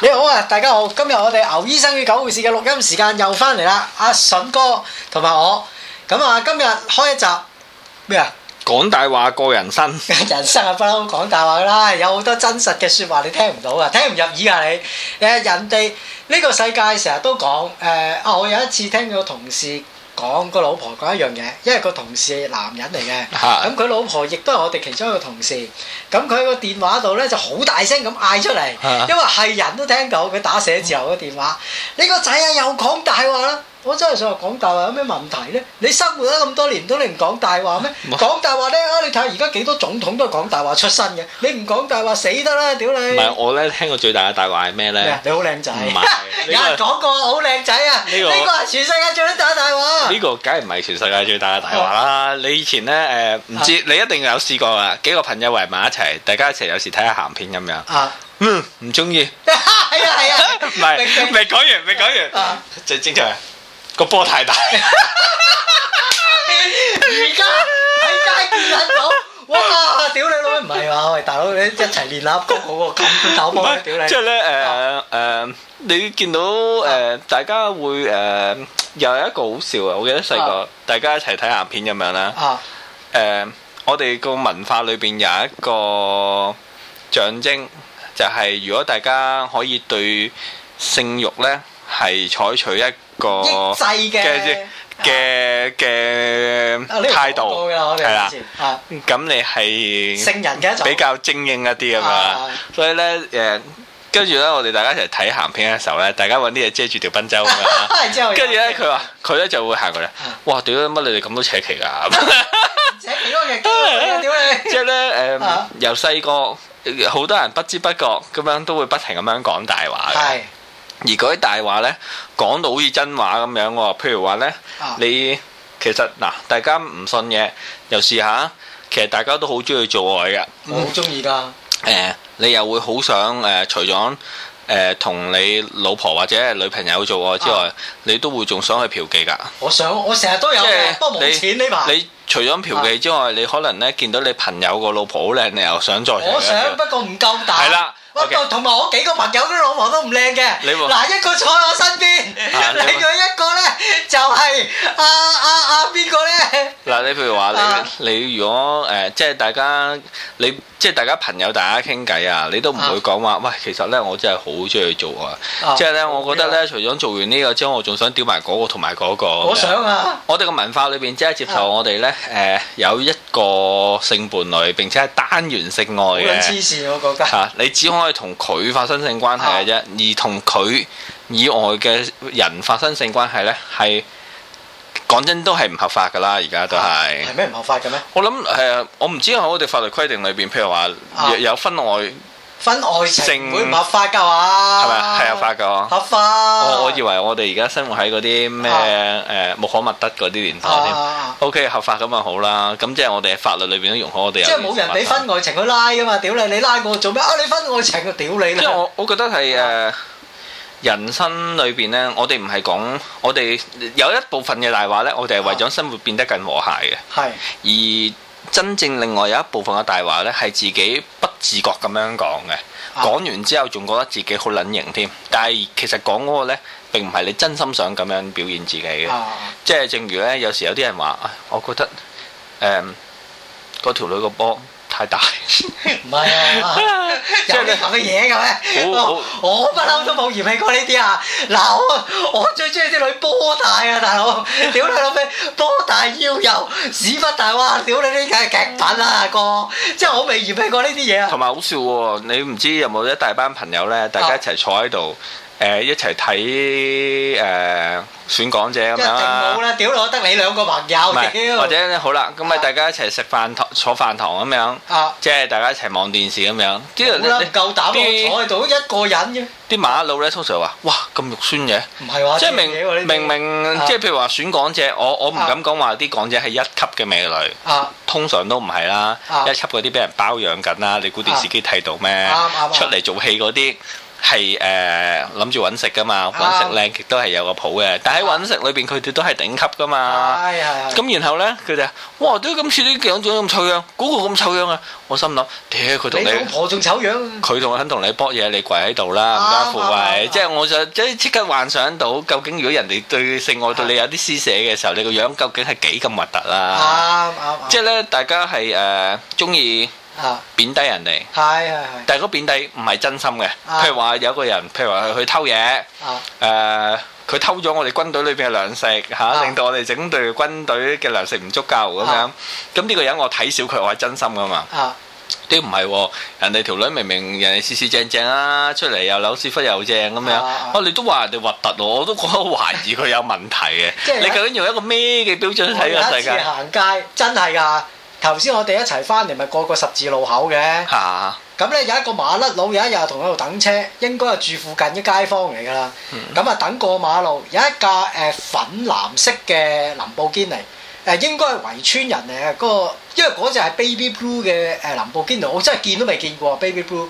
你好啊，大家好，今日我哋牛醫生嘅九護士嘅錄音時間又翻嚟啦，阿、啊、順哥同埋我，咁啊今日開一集咩啊？講大話過人生。 人生啊不嬲講大話啦，有好多真實嘅説話你聽唔到啊，聽唔入耳啊你。誒人哋呢個世界成日都講誒、呃，我有一次聽到同事。講個老婆講一樣嘢，因為個同事係男人嚟嘅，咁佢的老婆亦都係我哋其中一個同事，咁佢喺個電話度咧就好大聲咁嗌出嚟，的因為係人都聽到，佢打寫字樓嘅電話，嗯、你個仔啊又講大話啦！我真係想講大話，有咩問題呢？你生活咗咁多年都你唔講大話咩？講大話呢？啊！你睇下而家幾多總統都係講大話出身嘅，你唔講大話死得啦！屌你！唔係我咧聽過最大嘅大話係咩呢？你好靚仔，有人講過好靚仔啊！呢個係全世界最大嘅大話。呢個梗係唔係全世界最大嘅大話啦？你以前呢？誒唔知你一定有試過啊？幾個朋友圍埋一齊，大家一齊有時睇下鹹片咁樣。啊嗯，唔中意。係啊係啊，未未講完未講完，最正常。個波太大，而家喺街見到，哇！屌你老味唔係嘛，喂，大佬你一齊練下高嗰個咁大波咧，屌你即係咧誒誒，你見到誒大家會誒又係一個好笑啊！我記得細個大家一齊睇鹹片咁樣咧誒，我哋個文化裏邊有一個象徵，就係如果大家可以對性慾咧係採取一抑制嘅嘅嘅態度，係啦，咁你係聖人嘅一種比較精英一啲啊嘛，所以咧誒，跟住咧我哋大家一齊睇鹹片嘅時候咧，大家揾啲嘢遮住條賓周啊，跟住咧佢話佢咧就會行過嚟，哇，屌乜你哋咁都扯旗㗎？扯旗多嘅屌你，即係咧誒，由細個好多人不知不覺咁樣都會不停咁樣講大話嘅。而嗰啲大話咧講到好似真話咁樣喎，譬如話咧，啊、你其實嗱，大家唔信嘢又試下，其實大家都好中意做愛嘅，我好中意噶。誒、呃，你又會好想誒、呃，除咗誒同你老婆或者女朋友做愛之外，啊、你都會仲想去嫖妓噶。我想，我成日都有啦，不過冇錢呢排。你，近你除咗嫖妓之外，啊、你可能咧見到你朋友個老婆好靚，你又想再。我想，不過唔夠膽。係啦了。我同埋我幾個朋友啲老婆都唔靚嘅，嗱，一個坐喺我身邊，另外一個呢，就係啊啊啊邊個呢？嗱，你譬如話你你如果誒即係大家你即係大家朋友，大家傾偈啊，你都唔會講話喂，其實呢，我真係好中意做啊，即係呢，我覺得呢，除咗做完呢個之後，我仲想屌埋嗰個同埋嗰個。我想啊！我哋嘅文化裏邊即係接受我哋呢，誒有一個性伴侶，並且係單元性愛嘅。好黐線，我覺得嚇你只可。都係同佢發生性關係嘅啫，啊、而同佢以外嘅人發生性關係呢，係講真都係唔合法噶啦，而家都係。係咩唔合法嘅咩、呃？我諗誒，我唔知喺我哋法律規定裏邊，譬如話、啊、有婚外。婚外情會唔合法㗎嘛？係咪係合法㗎？合法。我我以為我哋而家生活喺嗰啲咩、誒穆罕默德嗰啲年代 O K 合法，咁啊，好啦，咁即係我哋喺法律裏邊都容許我哋。即係冇人俾婚外情去拉㗎嘛？屌你，你拉我做咩啊？你婚外情啊？屌你！即係我，我覺得係誒、呃、人生裏邊咧，我哋唔係講，我哋有一部分嘅大話咧，我哋係為咗生活變得更和諧嘅。係、啊。而真正另外有一部分嘅大話呢，係自己不自覺咁樣講嘅，講、啊、完之後仲覺得自己好撚型添。但係其實講嗰個呢，並唔係你真心想咁樣表現自己嘅，啊、即係正如呢，有時有啲人話，我覺得誒嗰、嗯、條女個波嗯太大，唔係啊！ 有呢咁嘅嘢嘅咩？我不嬲都冇嫌棄過呢啲啊！嗱，我我， 我，我最中意啲女波大啊，大佬！屌你老味，波大腰又屎忽大，哇！屌你呢梗係極品啦，啊，哥！即係我未嫌棄過呢啲嘢啊！同埋好笑喎，哦，你唔知有冇一大班朋友咧，大家一齊坐喺度。哦誒一齊睇誒選港姐，咁樣一定冇啦！屌，我得你兩個朋友，或者好啦，咁咪大家一齊食飯堂坐飯堂咁樣，即係大家一齊望電視咁樣。啲人你夠膽坐喺度一個人嘅。啲馬騮咧，通常話，哇，咁肉酸嘅，唔係話，即係明明明，即係譬如話選港姐，我我唔敢講話啲港姐係一級嘅美女，通常都唔係啦，一級嗰啲俾人包養緊啦，你估電視機睇到咩？出嚟做戲嗰啲。係誒諗住揾食噶嘛，揾食靚極都係有個譜嘅。但係喺揾食裏邊，佢哋都係頂級噶嘛。係係。咁然後咧，佢就哇，都咁似啲樣種咁醜樣，嗰個咁醜樣啊！我心諗，屌佢同你老婆仲醜樣。佢同我肯同你搏嘢，你跪喺度啦，唔得糊鬼。即係我就即即刻幻想到，究竟如果人哋對性愛對你有啲施捨嘅時候，你個樣究竟係幾咁核突啦？啱啱。即係咧，大家係誒中意。啊！貶低人哋，係係係。但係嗰貶低唔係真心嘅，譬如話有個人，譬如話佢去偷嘢，誒，佢偷咗我哋軍隊裏邊嘅糧食嚇，令到我哋整隊軍隊嘅糧食唔足夠咁樣。咁呢個人我睇小佢，我係真心噶嘛。啊，啲唔係喎，人哋條女明明人哋四四正正啦，出嚟又扭屎忽又正咁樣。我你都話人哋核突喎，我都覺得懷疑佢有問題嘅。即係你究竟用一個咩嘅標準睇個世界？第一次行街，真係㗎。頭先我哋一齊翻嚟，咪過個十字路口嘅。嚇、啊！咁咧有一個馬甩佬，有一日同佢度等車，應該係住附近嘅街坊嚟㗎啦。咁啊、嗯、等過馬路，有一架誒、呃、粉藍色嘅林寶堅尼，誒、呃、應該係圍村人嚟嘅。嗰、嗰個因為嗰隻係 baby blue 嘅誒林寶堅尼，我真係見都未見過 baby blue。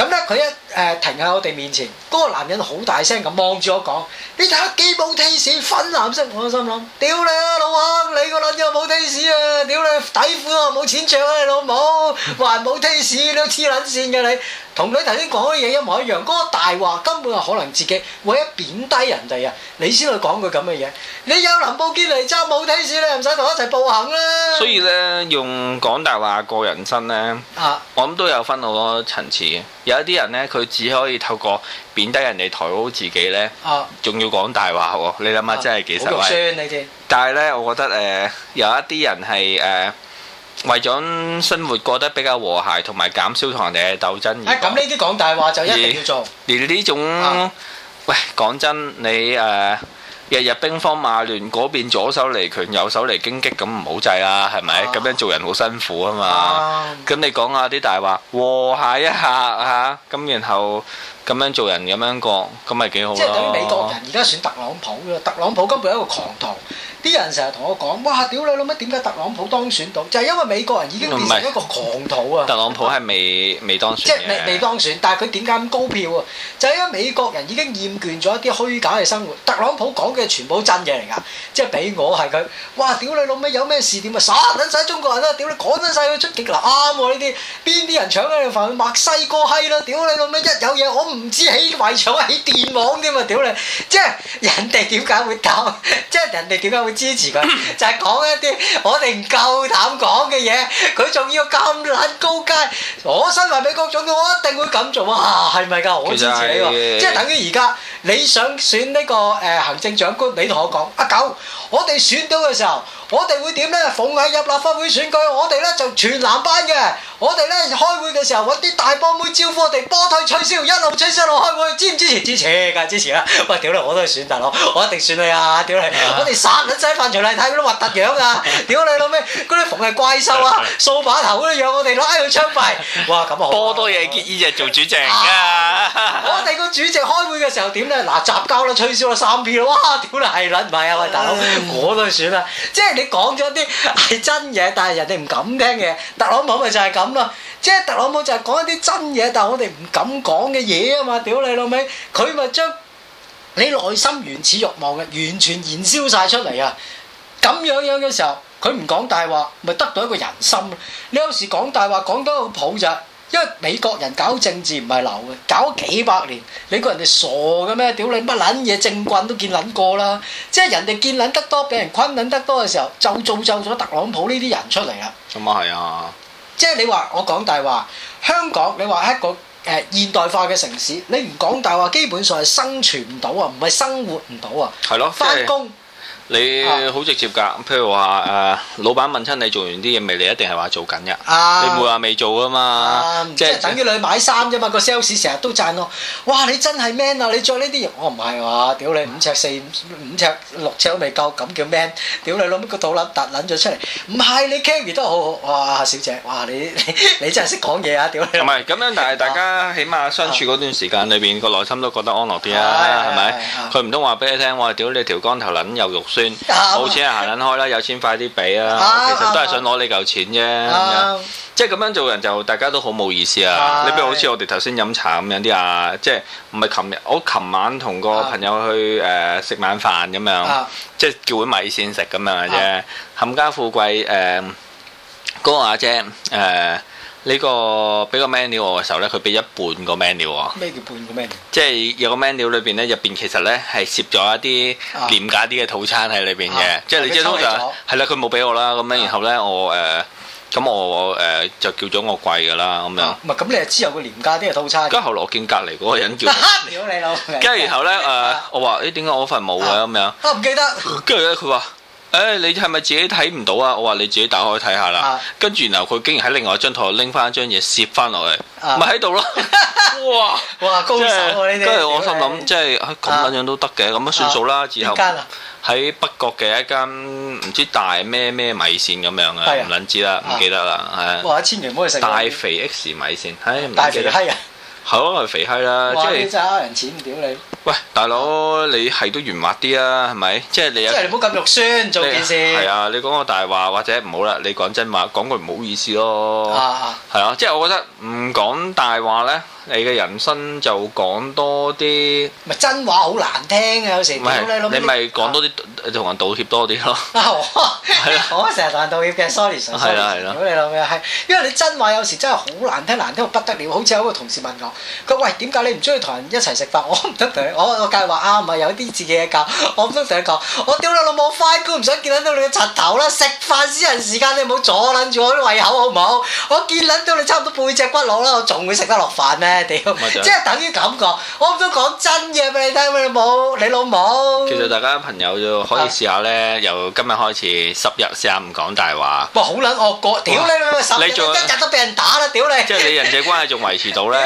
咁咧，佢一誒、呃、停喺我哋面前，嗰、嗰個男人好大聲咁望住我講：你睇下幾冇 taste 粉藍色。我心諗：屌你啊，老王，你個撚樣冇 taste 啊！屌你，底褲啊，冇錢着啊，你老母，還冇 taste，你黐撚線嘅你！同女頭先講嘅嘢，一模一樣嗰個大話，根本係可能自己為咗貶低人哋啊，你先去講佢咁嘅嘢。你有林寶堅尼嚟睇住你，唔使同我一齊步行啦。所以咧，用講大話過人生咧，啊、我諗都有分好多層次嘅。有一啲人咧，佢只可以透過貶低人哋抬高自己咧，仲、啊、要講大話喎、哦。你諗下真係幾失禮。啊、但係咧，我覺得誒、呃，有一啲人係誒、呃，為咗生活過得比較和諧，同埋減少同人哋嘅鬥爭。咁呢啲講大話就一定要做。連呢種，啊、喂，講真，你誒。呃日日兵荒馬亂，嗰邊左手嚟拳，右手嚟攻擊，咁唔好制啊，係咪？咁、啊、樣做人好辛苦啊嘛。咁、啊、你講下啲大話，和諧一下嚇，咁、啊、然後咁樣做人，咁樣過，咁咪幾好咯、啊。即係等於美國人而家選特朗普嘅，特朗普根本係一個狂徒。啲人成日同我講，哇！屌你老味，點解特朗普當選到？就係、是、因為美國人已經變成一個狂徒啊、嗯！特朗普係未未當選，即係未未當選，但係佢點解咁高票啊？就係、是、因為美國人已經厭倦咗一啲虛假嘅生活。特朗普講嘅全部真嘢嚟㗎，即係俾我係佢。哇！屌你老味，有咩事點啊？耍撚晒中國人啊！屌你，講真晒，佢出極嗱啱呢啲。邊啲人搶你份墨西哥閪啦？屌你老味，一有嘢我唔知起圍牆，起電網添啊！屌你，即係人哋點解會搞？即係人哋點解會？支持佢，就係、是、講一啲我哋唔夠膽講嘅嘢，佢仲要咁撚高階。我身為美國總統，我一定會咁做。啊！係咪㗎？其實 我支持你個，即係等於而家。你想選呢個誒行政長官？你同我講，阿、啊、九，我哋選到嘅時候，我哋會點呢？逢係入立法會選舉，我哋呢就全男班嘅。我哋呢開會嘅時候揾啲大波妹招呼我哋，波退取消，一路取消一路開會。支唔支持支持㗎？支持啦！喂，屌你，我都係選特首，我一定選你啊！屌你，啊、我哋殺緊仔範徐麗泰嗰啲核突樣啊！屌你老味，嗰啲逢係怪獸啊，掃把頭都啲我哋拉佢槍斃。哇，咁啊，波多野結衣就做主席啊！啊啊我哋個主席開會嘅時候點？嗱，雜交都取消咗三票，哇！屌你係撚唔係啊？喂，大佬，喂我都算選啦。嗯、即係你講咗啲係真嘢，但係人哋唔敢聽嘅。特朗普咪就係咁囉。即係特朗普就係講一啲真嘢，但係我哋唔敢講嘅嘢啊嘛。屌你老味，佢咪將你內心原始欲望嘅完全燃燒晒出嚟啊！咁樣樣嘅時候，佢唔講大話，咪得到一個人心。你有時講大話講得好普。因為美國人搞政治唔係流嘅，搞幾百年，美國人哋傻嘅咩？屌你乜撚嘢政棍都見撚過啦！即係人哋見撚得多，俾人困撚得多嘅時候，就造就咗特朗普呢啲人出嚟啦。咁啊係啊！即係你話我講大話，香港你話一個誒、呃、現代化嘅城市，你唔講大話，基本上係生存唔到啊，唔係生活唔到啊。係咯的，翻工班。你好直接㗎，譬如話誒，老闆問親你做完啲嘢未，你一定係話做緊㗎。你唔會話未做啊嘛，即係等於你買衫啫嘛。個 sales 成日都讚囉，哇！你真係 man 啊！你著呢啲嘢，我唔係話，屌你五尺四、五尺六尺都未夠，咁叫 man？屌你攞乜個肚腩凸撚咗出嚟？唔係你 carry 都好好，哇！小姐，哇！你你你真係識講嘢啊！屌你唔係咁樣，但係大家起碼相處嗰段時間裏邊個內心都覺得安樂啲啊，係咪？佢唔通話俾你聽？我屌你條光頭撚又肉。冇錢啊，行撚開啦！有錢快啲俾啊！啊其實都係想攞你嚿錢啫，即係咁樣做人就大家都好冇意思啊！啊你譬如好似我哋頭先飲茶咁樣啲啊，即係唔係琴日？我琴晚同個朋友去誒食、啊呃、晚飯咁樣，啊、即係叫碗米線食咁啊啫。冚家富貴誒，哥、呃、阿姐誒。呃呢個俾個 menu 我嘅時候咧，佢俾一半個 menu 啊。咩叫半個 menu？即係有個 menu 裏邊咧，入邊其實咧係攝咗一啲廉價啲嘅套餐喺裏邊嘅。即係你即係通常係啦，佢冇俾我啦。咁樣然後咧，我誒咁我誒就叫咗我貴噶啦。咁樣。唔係，咁你就知有個廉價啲嘅套餐。跟住後來我見隔離嗰個人叫。屌你老。跟住然後咧誒，我話誒點解我份冇嘅咁樣？我唔記得。跟住佢話。誒，你係咪自己睇唔到啊？我話你自己打開睇下啦。跟住然後佢竟然喺另外一張台拎翻一張嘢攝翻落嚟，咪喺度咯。哇哇，高手喎！係我心諗，即係咁樣樣都得嘅？咁都算數啦。之後喺北角嘅一間唔知大咩咩米線咁樣啊，唔撚知啦，唔記得啦。係哇！千祈唔好食大肥 X 米線，唉，大肥閪。係咯，我肥閪啦！即係真呃人錢，屌你！喂，大佬，你係都圓滑啲啦、啊，係咪？即係你又即係你唔好咁肉酸，做件事係啊！你講個大話，或者唔好啦，你講真話，講句唔好意思咯。係啊，啊，即係我覺得唔講大話咧。你嘅人生就講多啲，咪真話好難聽啊！有時，你咪講是你多啲，同、啊、人道歉多啲咯。 我成日同人道歉嘅，sorry，sorry。Sorry, sorry，你諗嘅，因為你真話有時真係好難聽，難聽到不得了。好似有個同事問我，佢喂，點解你唔中意同人一齊食飯？我唔得同你，我我介意話啱啊，有啲自己嘅教。我」我唔得同你講。我屌你老母，快啲，唔想見撚到你嘅柒頭啦！食飯私人時間，你唔好阻撚住我啲胃口好唔好？我見撚到你差唔多背脊骨佬啦，我仲會食得落飯咩？叨即係等於咁講，我唔想講真嘢俾你聽，你冇你老母。其實大家朋友就可以試下咧，由今日開始 十日試下唔講大話。哇、啊！好撚惡國，屌你！十日一日都俾人打啦，屌你！即係你人際關係仲維持到咧。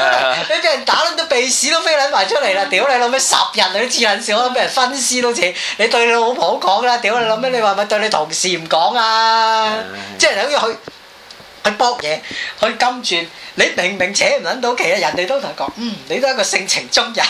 你俾人打到鼻屎都飛撚埋出嚟啦，屌你！諗咩十日兩次引笑都俾人分屍都似。你對你老婆講啦，屌你諗咩？你話咪對你同事唔講啊？嗯、即係等於去去搏嘢，去金鑽。你明明扯唔撚到起啊，人哋都同你講，嗯，你都係個性情中人，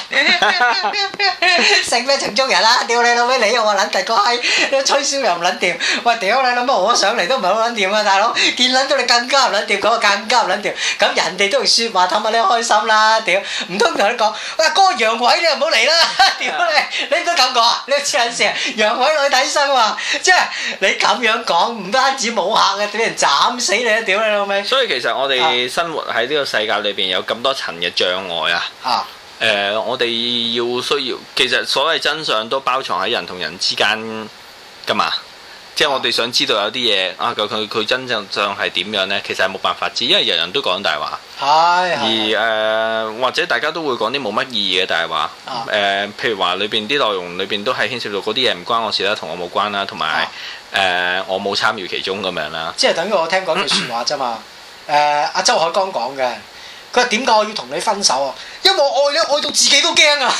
性咩情中人啦？屌你老味，你又話撚第個閪，你吹簫又唔撚掂，喂，屌你老味，我上嚟都唔係好撚掂啊，大佬見撚到你更加唔撚掂，嗰個更加唔撚掂，咁人哋都説話氹下你開心啦，屌，唔通同你講，喂，哥楊偉你又唔好嚟啦，屌你，你唔該咁講啊，你黐撚線，楊偉我去睇醫生喎，即係你咁樣講，唔單止冇客嘅，俾人斬死你啊，屌你老味。所以其實我哋生活啊～喺呢個世界裏邊有咁多層嘅障礙啊！啊！誒，我哋要需要，其實所謂真相都包藏喺人同人之間㗎嘛。即係我哋想知道有啲嘢啊，究竟佢佢佢真正上係點樣呢？其實係冇辦法知，因為人人都講大話。係。而誒，或者大家都會講啲冇乜意義嘅大話。啊。誒，譬如話裏邊啲內容裏邊都係牽涉到嗰啲嘢唔關我事啦，同我冇關啦，同埋誒我冇參與其中咁樣啦。即係等於我聽講句説話啫嘛。誒阿、uh，周海剛講嘅。佢點解我要同你分手啊？因為我愛你，愛到自己都驚啊！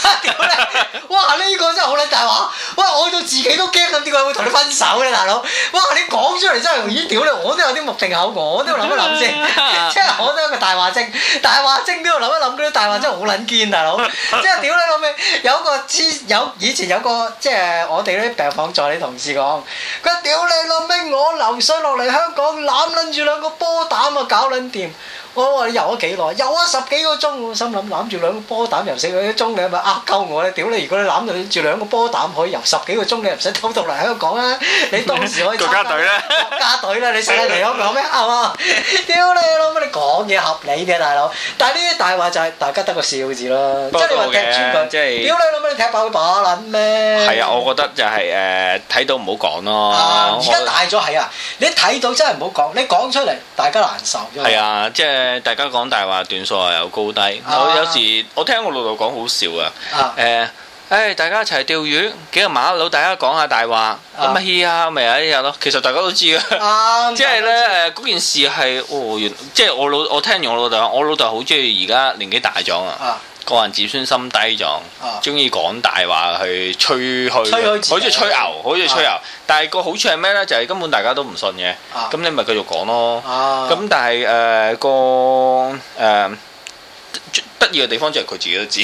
哇！呢個真係好撚大話，哇！愛到自己都驚啊！點解會同你分手咧，大佬？哇！你講出嚟真係，咦？屌你！我都有啲目定口，我都要諗一諗先，即係我都係一個大話精。大話精都要諗一諗，嗰啲大話真係好撚堅，大佬！即係屌你老尾，有個痴有以前有個即係我哋啲病房助理同事講，佢屌你老尾，我流水落嚟香港攬撚住兩個波膽啊，搞撚掂！我話你遊咗幾耐？遊咗十幾個鐘，我心諗攬住兩個波膽遊四個鐘，你係咪呃鳩我咧？屌你！如果你攬住兩個波膽可以遊十幾個鐘，你唔使偷渡嚟香港啊！你當時可以國家隊咧，國家隊咧，你使鬼嚟香港咩？係嘛？屌你老母！你講嘢合理嘅，大佬，但係呢啲大話就係大家得個笑字咯。即係你話踢穿佢，即係屌你老。踢爆把撚咩？係啊，我覺得就係誒睇到唔好講咯。而家大咗係啊！我你睇到真係唔好講，你講出嚟大家難受。係啊，即係大家講大話，段數啊有高低。啊、我有時我聽我老豆講好笑啊！誒、呃、誒，大家一齊釣魚，幾個麻甩佬，大家講下大話，咁嘻啊，咪係啊咯。其實大家都知嘅，即係咧誒，嗰件事係哦原，即係我老我聽完我老豆，我老豆好中意而家年紀大咗啊。個人自尊心低咗，中意講大話去吹去，吹好似吹牛，啊、好似吹牛。但係個好處係咩呢？就係、是、根本大家都唔信嘅，咁你咪繼續講咯。咁但係誒、呃、個得意嘅地方就係佢自己都知，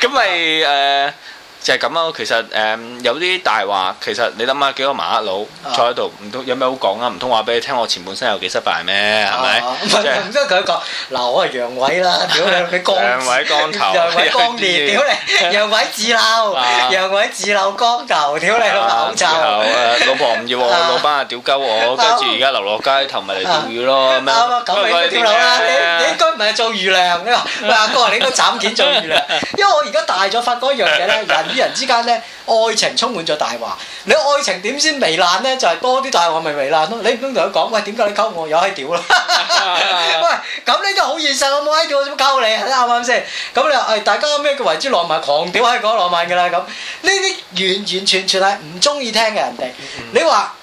咁咪誒。 呃就係咁咯！其實誒有啲大話，其實你諗下幾個麻甩佬坐喺度，唔通有咩好講啊？唔通話俾你聽我前半生有幾失敗咩？係咪？唔係咁多佢講嗱，我係陽痿啦！屌你，你光，陽痿光頭，陽痿光烈，屌你，陽痿自鬧，陽痿自鬧光頭，屌你老闆，然後誒老婆唔要我，老闆啊屌鳩我，跟住而家流落街頭咪嚟釣魚咯咁樣。啱啊！咁你點講咧？你你應該唔係做魚糧嘅，喂阿哥，你應該斬件做魚糧，因為我而家大咗發覺一樣嘢咧，人。啲人之間呢，愛情充滿咗大話。你愛情點先糜爛呢？就係、是、多啲大話咪糜爛咯。你唔通同佢講喂，點解你溝我？有閪屌啦！喂，咁呢啲好現實，我冇閪屌，我點溝你？啱唔啱先？咁你話誒、哎，大家有咩叫為之浪漫？狂屌係講浪漫㗎啦！咁呢啲完完全全係唔中意聽嘅人哋、嗯嗯。你話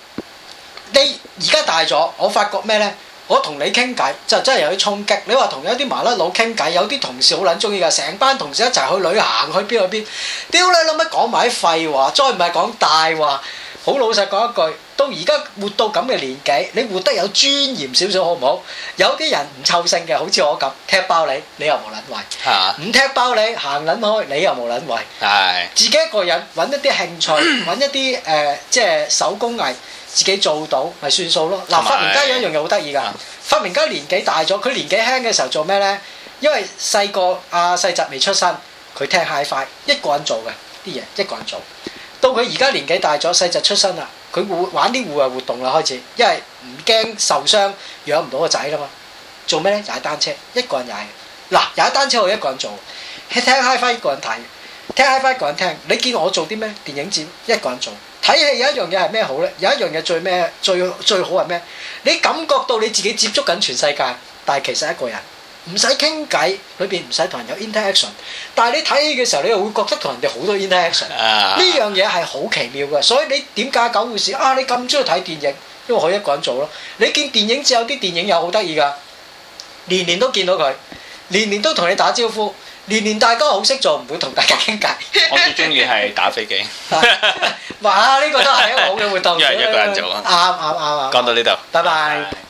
你而家大咗，我發覺咩呢？」我同你傾偈就真係有啲衝擊。你話同一啲麻甩佬傾偈，有啲同事好撚中意㗎。成班同事一齊去旅行去邊去邊？屌你老母，講埋啲廢話，再唔係講大話。好老實講一句，到而家活到咁嘅年紀，你活得有尊嚴少少好唔好？有啲人唔湊性嘅，好似我咁，踢爆你，你又無撚位；唔、啊、踢爆你，行撚開，你又無撚位。係、啊、自己一個人揾一啲興趣，揾一啲誒、呃，即係手工藝。自己做到咪算數咯。嗱，發明家有一樣嘢好得意噶。發明家年紀大咗，佢年紀輕嘅時候做咩呢？因為細個阿細侄未出生，佢聽 HiFi 一個人做嘅啲嘢，一個人做。到佢而家年紀大咗，細侄出生啦，佢會玩啲戶外活動啦，開始，因為唔驚受傷，養唔到個仔啦嘛。做咩呢？踩單車，一個人踩嘅。嗱，踩單車我一個人做，聽 HiFi 一個人睇，聽 HiFi 一個人聽。你見我做啲咩？電影展一個人做。睇戲有一樣嘢係咩好咧？有一樣嘢最咩最最好係咩？你感覺到你自己接觸緊全世界，但係其實一個人，唔使傾偈，裏邊唔使同人有 interaction。但係你睇戲嘅時候，你又會覺得同人哋好多 interaction。呢樣嘢係好奇妙嘅，所以你點解九護士？啊？你咁中意睇電影，因為可以一個人做咯。你見電影只有啲電影有好得意噶，年年都見到佢，年年都同你打招呼。年年大哥好識做，唔會同大家傾偈。我最中意係打飛機。 哇！呢、這個都係一個好嘅活動。因為 一,一個人做啊。啱啱啱啱。講到呢度。拜拜。